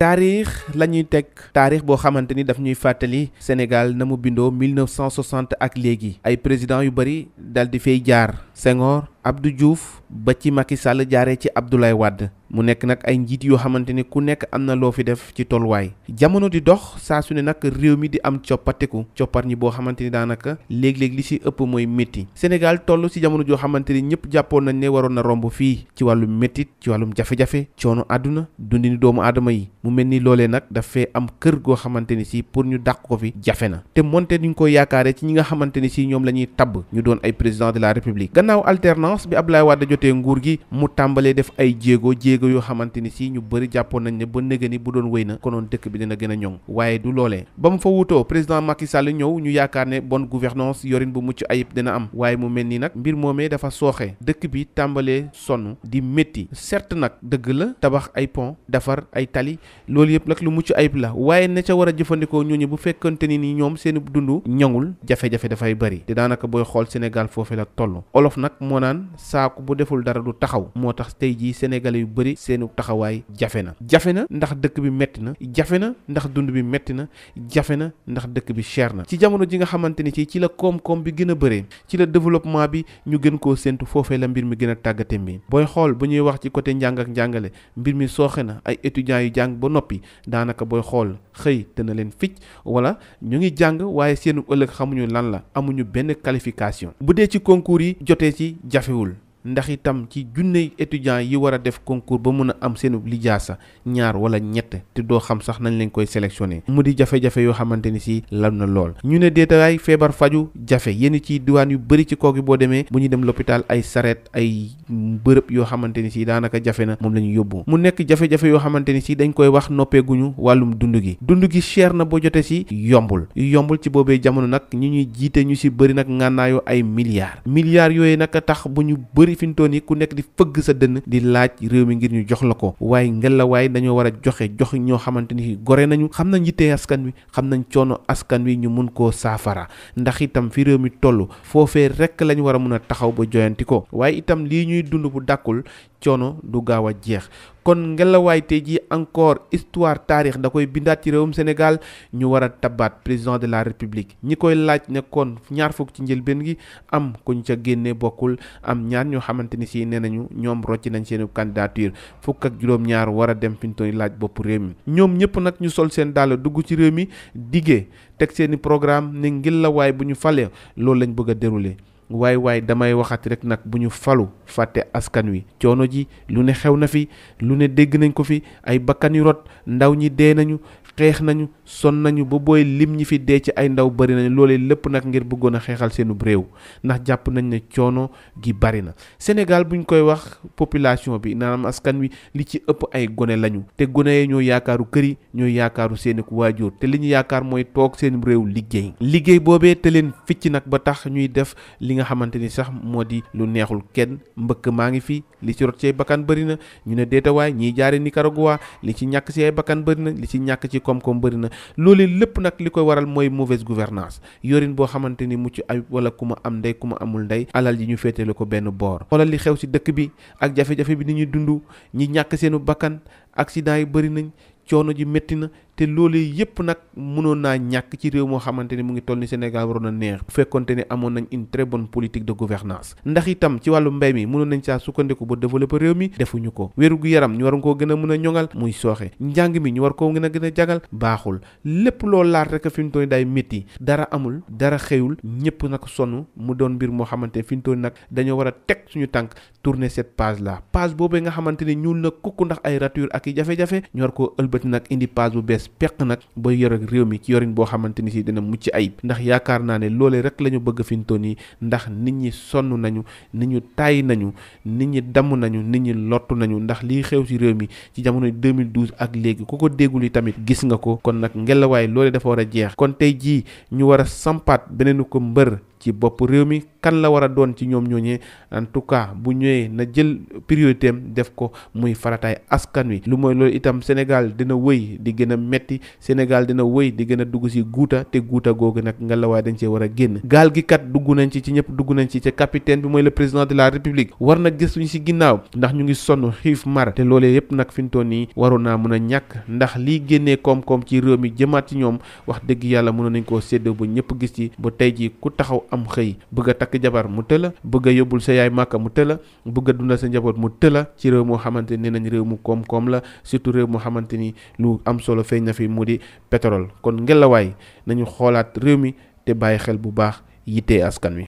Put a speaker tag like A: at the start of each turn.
A: taarix la ñuy teg taarix boo xamante ni daf ñuy fàttali Sénégal na mu bindoo 1960 ak léegi ay président yu bëri dal di fay jaar Senghor Abdou Diouf ba ci Macky Sall jaaree ci Abdoulaye Wade mu nekk nag ay njiit yoo xamante ni ku nekk am na loo fi def ci tolluwaay jamono di dox saa su ne nag réew mi di am coppateku coppar ñi boo xamante ni daanaka léeg-léeg li ci ëpp mooy métti Sénégal toll ci jamono joo xamante ni ñëpp jàppoon nañ ne waroon na romb fii ci wàllu méttit ci wàllum jafe-jafe coono àdduna dundini doomu aadama yi mu mel ni loolee nag dafee am kër goo xamante ni si pour ñu dàq ko fi jafe na te monte ñu ko yaakaaree ci ñi nga xamante ni si ñoom la ñuy tabb ñu doon ay de la république France bi Abdoulaye Wade jotee nguur gi mu tàmbalee def ay jéego jéego yoo xamante ni si ñu bëri jàppoon nañ ne ba nëgë ni bu doon wéy na konoon dëkk bi dina gën a ñoŋ waaye du loole ba mu fa wutoo président Macky Sall ñëw ñu yaakaar ne bonne gouvernance yorin bu mucc ayib dina am waaye mu mel ni nag mbir moomee dafa sooxe dëkk bi tàmbalee sonn di métti certes nag dëgg la tabax ay pont defar ay tali loolu yëpp nag lu mucc ayib la waaye ne ca war a jëfandikoo ñooñu bu fekkante ni ni ñoom seen dund ñoŋul jafe-jafe dafay bëri te daanaka booy xool Sénégal foofu la toll naan saako bu deful dara du taxaw moo tax tey jii sénégalais yu bëri seenu taxawaay jafe na jafe na ndax dëkk bi metti na jafe na ndax dund bi metti na jafe na ndax dëkk bi cher na ci jamono ji nga xamante ni ci ci la koom-koom bi gën a bëree ci la développement bi ñu gën koo séntu foofee la mbir mi gën a tàggate mbi booy xool bu ñuy wax ci côté njàng ak njàngale mbir mi sooxe na ay étudiants yu jàng ba noppi daanaka booy xool xëy te na leen ficc wala ñu ngi jàng waaye seenu ëllëg xamuñu lan la amuñu benn qualification soppiwul ndax itam ci junne étudiants yi war a def concours ba mun a am seen lijaasa ñaar wala ñett te doo xam sax nañ leen koy sélectionné mu di jafe-jafe yoo xamante ni si lan na lool ñu ne déetawaay feebar faju jafe yenn ci diwaan yu bëri ci kooki boo demee bu ñu dem l'hôpital ay sareet ay bërëb yoo xamante ni si daanaka jafe na moom la ñu yóbbu mu nekk jafe-jafe yoo xamante ni si dañ koy wax noppeeguñu wàllum dund gi dund gi cher na boo jote si yombul yombul ci boobee jamono nag ñi ñuy jiite ñu si bëri nag ngànnaayu ay milliards milliards yooyu nag tax bu ñu bëri bëri yi ku nekk di fëgg sa dënn di laaj réew mi ngir ñu jox la ko waaye ngelawaay dañoo war a joxe jox ñoo xamante ni gore nañu xam nañ yittee askan wi xam nañ coono askan wi ñu mun koo saafara ndax itam fi réew mi toll foofee rekk lañ war a mun a taxaw ba joyanti ko waaye itam lii ñuy dund bu dàkkul coono du gaaw a jeex kon ngelawaay tey jii encore histoire taarix da koy bindaat ci réewum Sénégal ñu war a tabaat président de la république ñi koy laaj ne kon ñaar fukk ci njëlbeen gi am ku ca génnee bokkul am ñaar ñoo xamante ni si nee nañu ñoom rocc nañ seen candidature fukk ak juróom-ñaar war a dem fi ñu toll laaj boppu réew mi ñoom ñëpp nag ñu sol seen dàll dugg ci réew mi diggee teg seeni programme ne ngelawaay bu ñu falee loolu lañ bëgg a dérouler waay waay damay waxati rek nag bu ñu falu fàtte askan wi coono ji lu ne xew na fi lu ne dégg nañ ko fi ay bakkan yu rot ndaw ñi dee nañu xeex nañu son nañu ba booy lim ñi fi dee ci ay ndaw bari nañu loolee lépp nag ngir bëggoon a xeexal seenub réew ndax jàpp nañ ne coono gi bari na Sénégal buñ koy wax population bi naanam askan wi li ci ëpp ay gone lañu te gone yee ñoo yaakaaru kër yi ñoo yaakaaru seeni ku waajur te li ñu yaakaar mooy toog seen réew liggéey liggéey boobee te leen ficc nag ba tax ñuy def li nga xamante ni sax moo di lu neexul kenn mbëkk maa ngi fi li ci rot ci ay bakkan bari na ñu ne déetawaay ñiy jaare Nicaragua li ci ñàkk ci ñàkk koom-koom bëri na loolu lépp nag li ko waral mooy mauvaise gouvernance yorin boo xamante ni mucc ayib wala ku ma am ndey ku ma amul ndey alal yi ñu féetale ko benn boor xoolal li xew si dëkk bi ak jafe-jafe bi ni ñuy dund ñi ñàkk seenu bakkan accident yi bëri nañ coono ji métti na te loolu yëpp nag mënoon naa ñàkk ci réew moo xamante ni mu ngi toll ni Sénégal waroon a neex bu fekkonte ne amoon nañ une très bonne politique de gouvernance ndax itam ci wàllu mbéy mi mënoon nañ saa sukkandiku ba développer réew mi defuñu ko wéru gu yaram ñu war koo gën a mën a ñoŋal muy sooxe njàng mi ñu war koo gën a gën a jagal baaxul lépp loo laat rek fi mu toll day métti dara amul dara xëyul ñëpp nag sonn mu doon mbir moo xamante ne fi mu toll nag dañoo war a teg suñu tànk tourner cette page là page boobu nga xamante ne ñuul na kukk ndax ay rature ak i jafe-jafe ñu ëlbati nag indi page bu bees peq nag ba yor réew mi ci yorin boo xamante ni si dina mucc ayib ndax yaakaar naa ne loolee rek lañu bëgg bëgg fintoon yi ndax nit ñi sonn nañu nit ñu tàyyi nañu nit ñi damm nañu nit ñi lottu nañu ndax lii xew ci réew mi ci jamono 2012 ak léegi ku ko déggul yi tamit gis nga ko kon nag ngelawaay loolee dafa war a jeex kon tey jii ñu war a sampaat beneen ko mbër ci bopp réew mi kan la war a doon ci ñoom ñooñee en tout cas bu ñëwee na jël priorité def ko muy farataay askan wi lu mooy loolu itam Sénégal dina woy di gën a metti Sénégal dina woy di gën a dugg si guuta te guuta googu nag nga la waaye cee war a génn gaal gi kat dugg nañ ci ci ñëpp dugg nañ ci ca capitaine bi mooy le président de la république war na gis ñu si ginnaaw ndax ñu ngi sonn xiif mar te loolee yëpp nag fi mu toll nii waroon naa mën a ñàkk ndax lii génnee koom-koom ci réew mi jëmaat ci ñoom wax dëgg yàlla mënoon nañ koo séddoo ba ñëpp gis ci ba tey ji ku taxaw am xëy takk jabar mu tëla bëgg a yóbbul sa yaay màkka mu tëla bëgg a dundal sa njaboot mu tëla ci réew moo xamante ni nañ réew mu koom-koom la surtout réew moo xamante ni lu am solo feeñ na fi mu di pétrole kon ngelawaay nañu xoolaat réew mi te bàyyi xel bu baax yittee askan wi